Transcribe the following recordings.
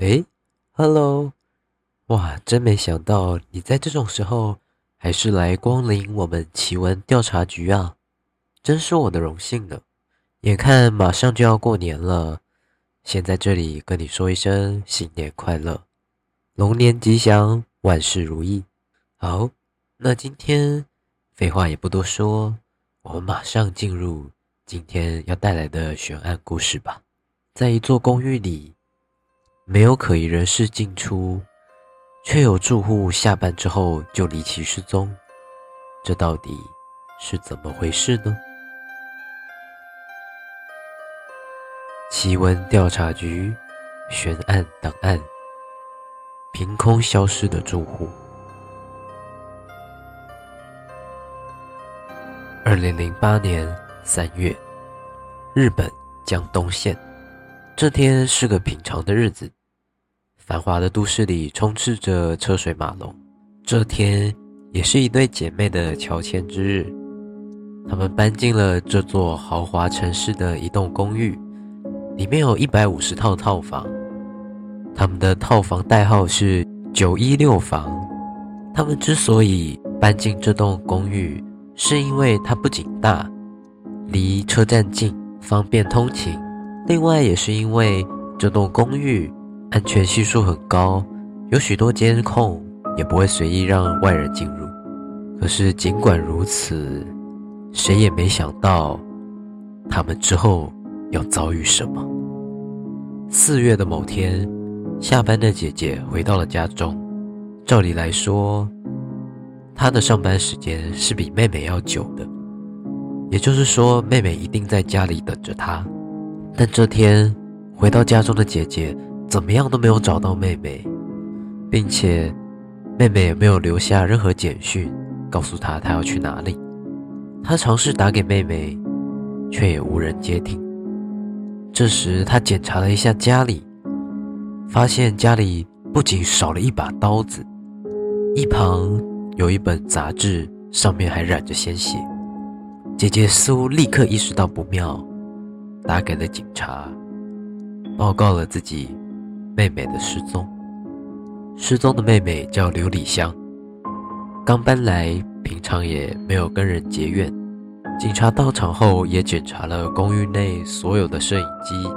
誒，Hello，哇，真沒想到你在這種時候還是來光臨我們奇聞調查局啊，真是我的榮幸呢。眼看馬上就要過年了，先在這裡跟你說一聲新年快樂，龍年吉祥，萬事如意。好，那今天廢話也不多說，我們馬上進入今天要帶來的懸案故事吧。在一座公寓裡。沒有可疑人士進出，卻有住戶下班之後就離奇失蹤，這到底是怎麼回事呢？奇聞調查局，懸案檔案，憑空消失的住戶。二零零八年三月，日本江東縣，這天是個平常的日子。繁華的都市裡充斥着車水馬龍。這天也是一對姐妹的喬遷之日，她們搬進了這座豪華城市的一棟公寓，裡面有一百五十套套房。他們的套房代號是九一六房。他們之所以搬進這棟公寓，是因為它不僅大，離車站近，方便通勤；另外，也是因為這棟公寓。安全係數很高，有許多監控，也不會隨意讓外人進入。可是儘管如此，誰也沒想到，他們之後要遭遇什麼。四月的某天，下班的姐姐回到了家中。照理來說，她的上班時間是比妹妹要久的，也就是說，妹妹一定在家裡等着她。但這天回到家中的姐姐，怎麼樣都沒有找到妹妹，並且妹妹也沒有留下任何簡訊告訴她她要去哪裡。她嘗試打給妹妹，卻也無人接聽。這時她檢查了一下家裡，發現家裡不僅少了一把刀子，一旁有一本雜誌，上面還染着鮮血。姐姐似乎立刻意識到不妙，打給了警察，報告了自己。妹妹的失蹤，失蹤的妹妹叫瑠理香，剛搬來，平常也沒有跟人結怨。警察到場後，也檢查了公寓內所有的攝影機，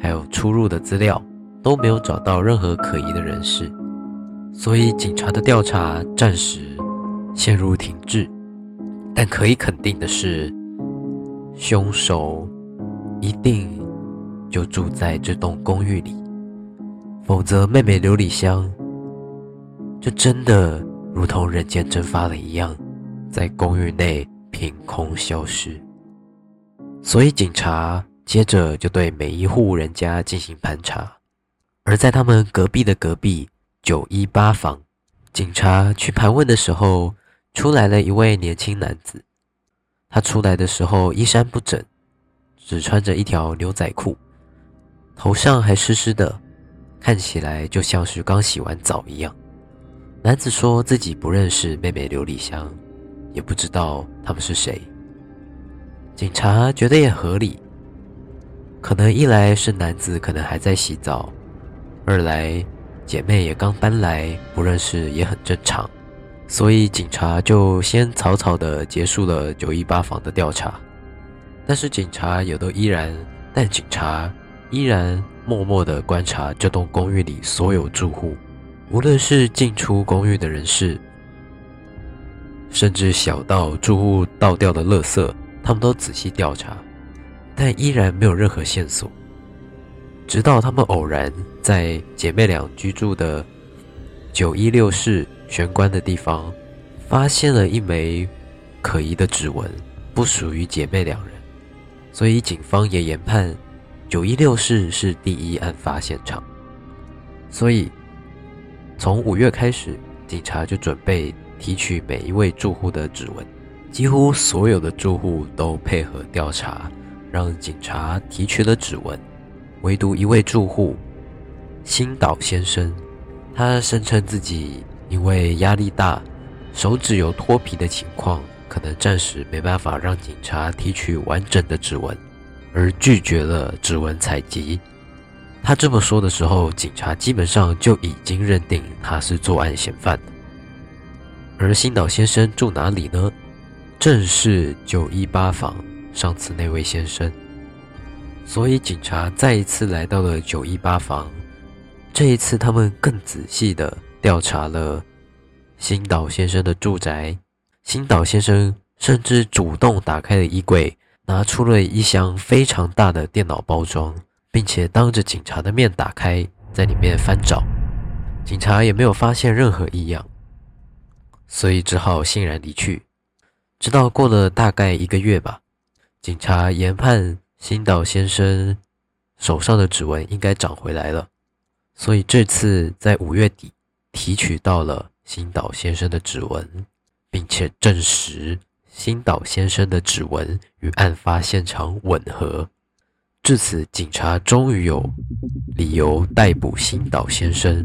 還有出入的資料，都沒有找到任何可疑的人士，所以警察的調查暫時陷入停滯。但可以肯定的是，兇手一定就住在這棟公寓裡。否則，妹妹瑠理香就真的如同人間蒸發了一樣，在公寓內憑空消失。所以，警察接着就對每一戶人家進行盤查。而在他們隔壁的隔壁九一八房，警察去盤問的時候，出來了一位年輕男子。他出來的時候衣衫不整，只穿着一條牛仔褲，頭上還濕濕的。看起來就像是剛洗完澡一樣。男子說自己不認識妹妹瑠理香，也不知道她們是誰。警察覺得也合理，可能一來是男子可能還在洗澡，二來姐妹也剛搬來，不認識也很正常。所以警察就先草草地結束了九一八房的調查。但是警察也都依然，但警察依然。默默地觀察這棟公寓裡所有住戶，無論是進出公寓的人士，甚至小到住戶倒掉的垃圾，他們都仔細調查，但依然沒有任何線索。直到他們偶然在姐妹倆居住的九一六室玄關的地方，發現了一枚可疑的指紋，不屬於姐妹兩人，所以警方也研判。九一六室是第一案發現場，所以從五月開始，警察就準備提取每一位住戶的指紋。幾乎所有的住戶都配合調查，讓警察提取了指紋。唯獨一位住戶星島先生，他聲稱自己因為壓力大，手指有脫皮的情況，可能暫時沒辦法讓警察提取完整的指紋。而拒絕了指紋採集。他這麼說的時候，警察基本上就已經認定他是作案嫌犯。而星島先生住哪裡呢？正是九一八房，上次那位先生。所以警察再一次來到了九一八房。這一次，他們更仔細的調查了星島先生的住宅。星島先生甚至主動打開了衣櫃。拿出了一箱非常大的電腦包裝，並且當着警察的面打開，在裡面翻找，警察也沒有發現任何異樣，所以只好欣然離去。直到過了大概一個月吧，警察研判星島先生手上的指紋應該長回來了，所以這次在五月底提取到了星島先生的指紋，並且證實。星島先生的指紋與案發現場吻合，至此，警察終於有理由逮捕星島先生，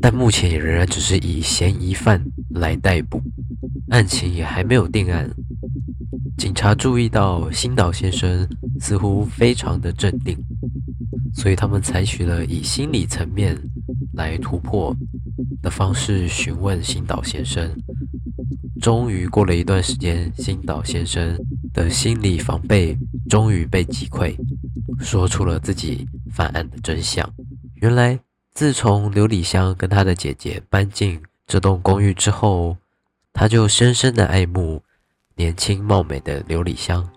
但目前也仍然只是以嫌疑犯來逮捕，案情也還沒有定案。警察注意到星島先生似乎非常的鎮定，所以他們採取了以心理層面來突破的方式詢問星島先生。終於過了一段時間，星島先生的心理防備終於被擊潰，說出了自己犯案的真相。原來，自從瑠理香跟她的姐姐搬進這棟公寓之後，他就深深地愛慕年輕貌美的瑠理香。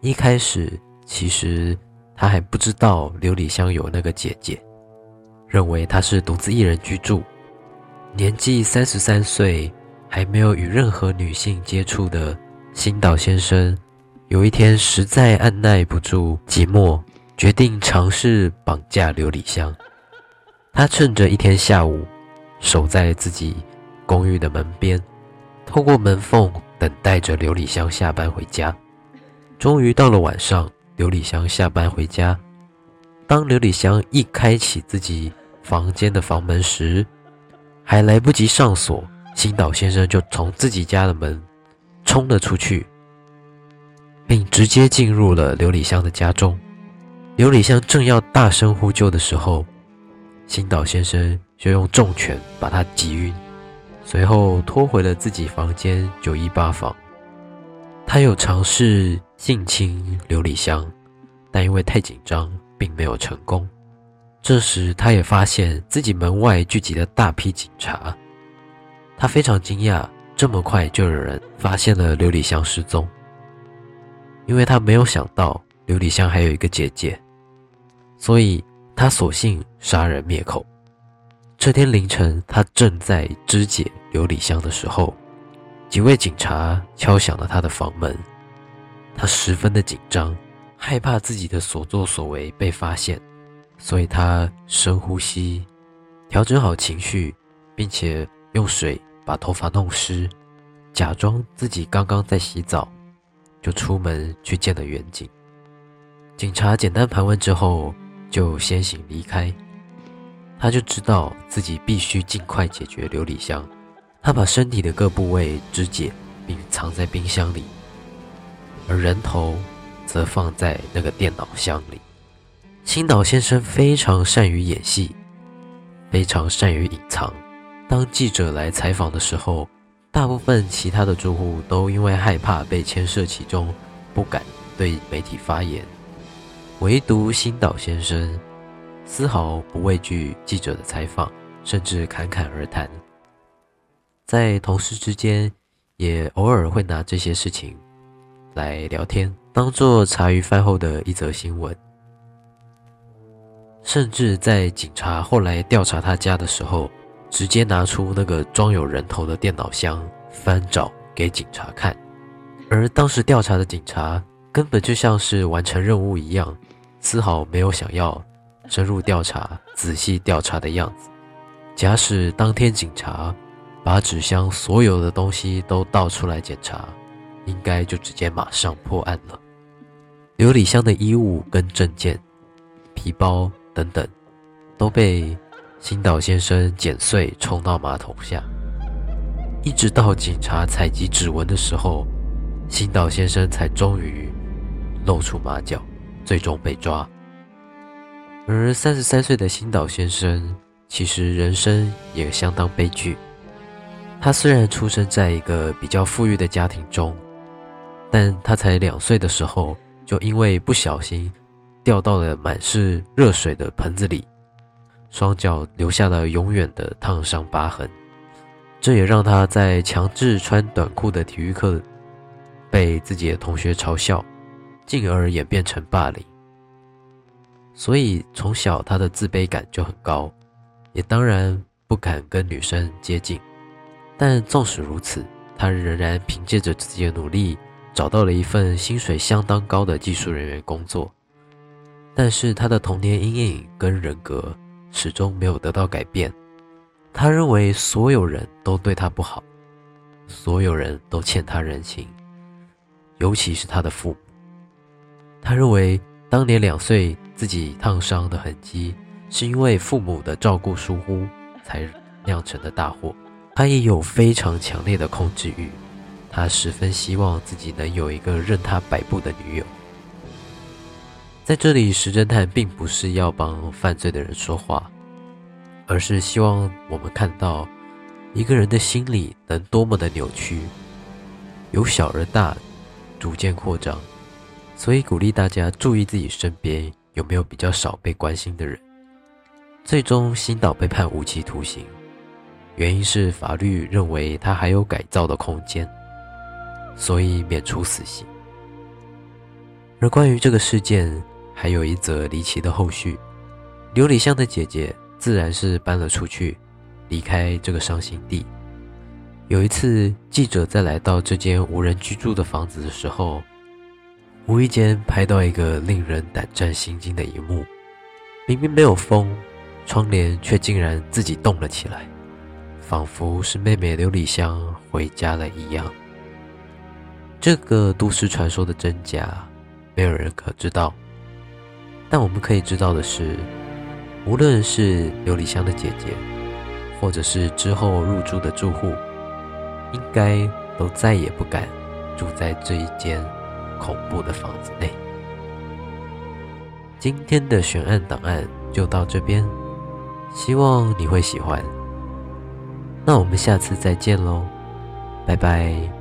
一開始，其實他還不知道瑠理香有那個姐姐，認為她是獨自一人居住，年紀三十三歲。還沒有與任何女性接觸的星島先生，有一天實在按捺不住寂寞，決定嘗試綁架瑠理香。他趁着一天下午，守在自己公寓的門邊，透過門縫等待着瑠理香下班回家。終於到了晚上，瑠理香下班回家。當瑠理香一開啟自己房間的房門時，還來不及上鎖。星島先生就從自己家的門衝了出去，並直接進入了瑠理香的家中。瑠理香正要大聲呼救的時候，星島先生就用重拳把他擊暈，隨後拖回了自己房間九一八房。他有嘗試性侵瑠理香，但因為太緊張，並沒有成功。這時，他也發現自己門外聚集了大批警察。他非常驚訝，這麼快就有人發現了瑠理香失蹤，因為他沒有想到瑠理香還有一個姐姐，所以他索性殺人滅口。這天凌晨，他正在肢解瑠理香的時候，幾位警察敲響了他的房門，他十分的緊張，害怕自己的所作所為被發現，所以他深呼吸，調整好情緒，並且用水。把頭髮弄濕，假裝自己剛剛在洗澡，就出門去見了員警。警察簡單盤問之後，就先行離開。他就知道自己必須盡快解決瑠理香。他把身體的各部位肢解，並藏在冰箱裡，而人頭則放在那個電腦箱裡。星島先生非常善於演戲，非常善於隱藏。當記者來採訪的時候，大部分其他的住戶都因為害怕被牽涉其中，不敢對媒體發言。唯獨星島先生絲毫不畏懼記者的採訪，甚至侃侃而談。在同事之間，也偶爾會拿這些事情來聊天，當做茶餘飯後的一則新聞。甚至在警察後來調查他家的時候。直接拿出那個裝有人頭的電腦箱翻找給警察看，而當時調查的警察根本就像是完成任務一樣，絲毫沒有想要深入調查、仔細調查的樣子。假使當天警察把紙箱所有的東西都倒出來檢查，應該就直接馬上破案了。瑠理香的衣物、跟證件、皮包等等，都被星島先生剪碎沖到馬桶下，一直到警察採集指紋的時候，星島先生才終於露出馬腳，最終被抓。而三十三歲的星島先生其實人生也相當悲劇，他雖然出生在一個比較富裕的家庭中，但他才兩歲的時候就因為不小心掉到了滿是熱水的盆子裡。雙腳留下了永遠的燙傷疤痕，這也讓他在強制穿短褲的體育課被自己的同學嘲笑，進而演變成霸凌。所以從小他的自卑感就很高，也當然不敢跟女生接近。但縱使如此，他仍然憑借着自己的努力找到了一份薪水相當高的技術人員工作。但是他的童年陰影跟人格，始終沒有得到改變。他認為所有人都對他不好，所有人都欠他人情，尤其是他的父母。他認為當年兩歲自己燙傷的痕跡是因為父母的照顧疏忽，才釀成的大禍。他也有非常強烈的控制慾，他十分希望自己能有一個任他擺佈的女友。在這裡，時偵探並不是要幫犯罪的人說話，而是希望我們看到一個人的心理能多麼的扭曲，由小而大，逐漸擴張。所以鼓勵大家注意自己身邊有沒有比較少被關心的人。最終，星島被判無期徒刑，原因是法律認為他還有改造的空間，所以免除死刑。而關於這個事件。還有一則離奇的後續，瑠理香的姐姐自然是搬了出去，離開這個傷心地。有一次，記者在來到這間無人居住的房子的時候，無意間拍到一個令人膽戰心驚的一幕：明明沒有風，窗簾卻竟然自己動了起來，仿佛是妹妹瑠理香回家了一樣。這個都市傳說的真假，沒有人可知道。但我們可以知道的是，無論是瑠理香的姐姐，或者是之後入住的住戶，應該都再也不敢住在這一間恐怖的房子內。今天的懸案檔案就到這邊，希望你會喜歡。那我們下次再見嘍，拜拜。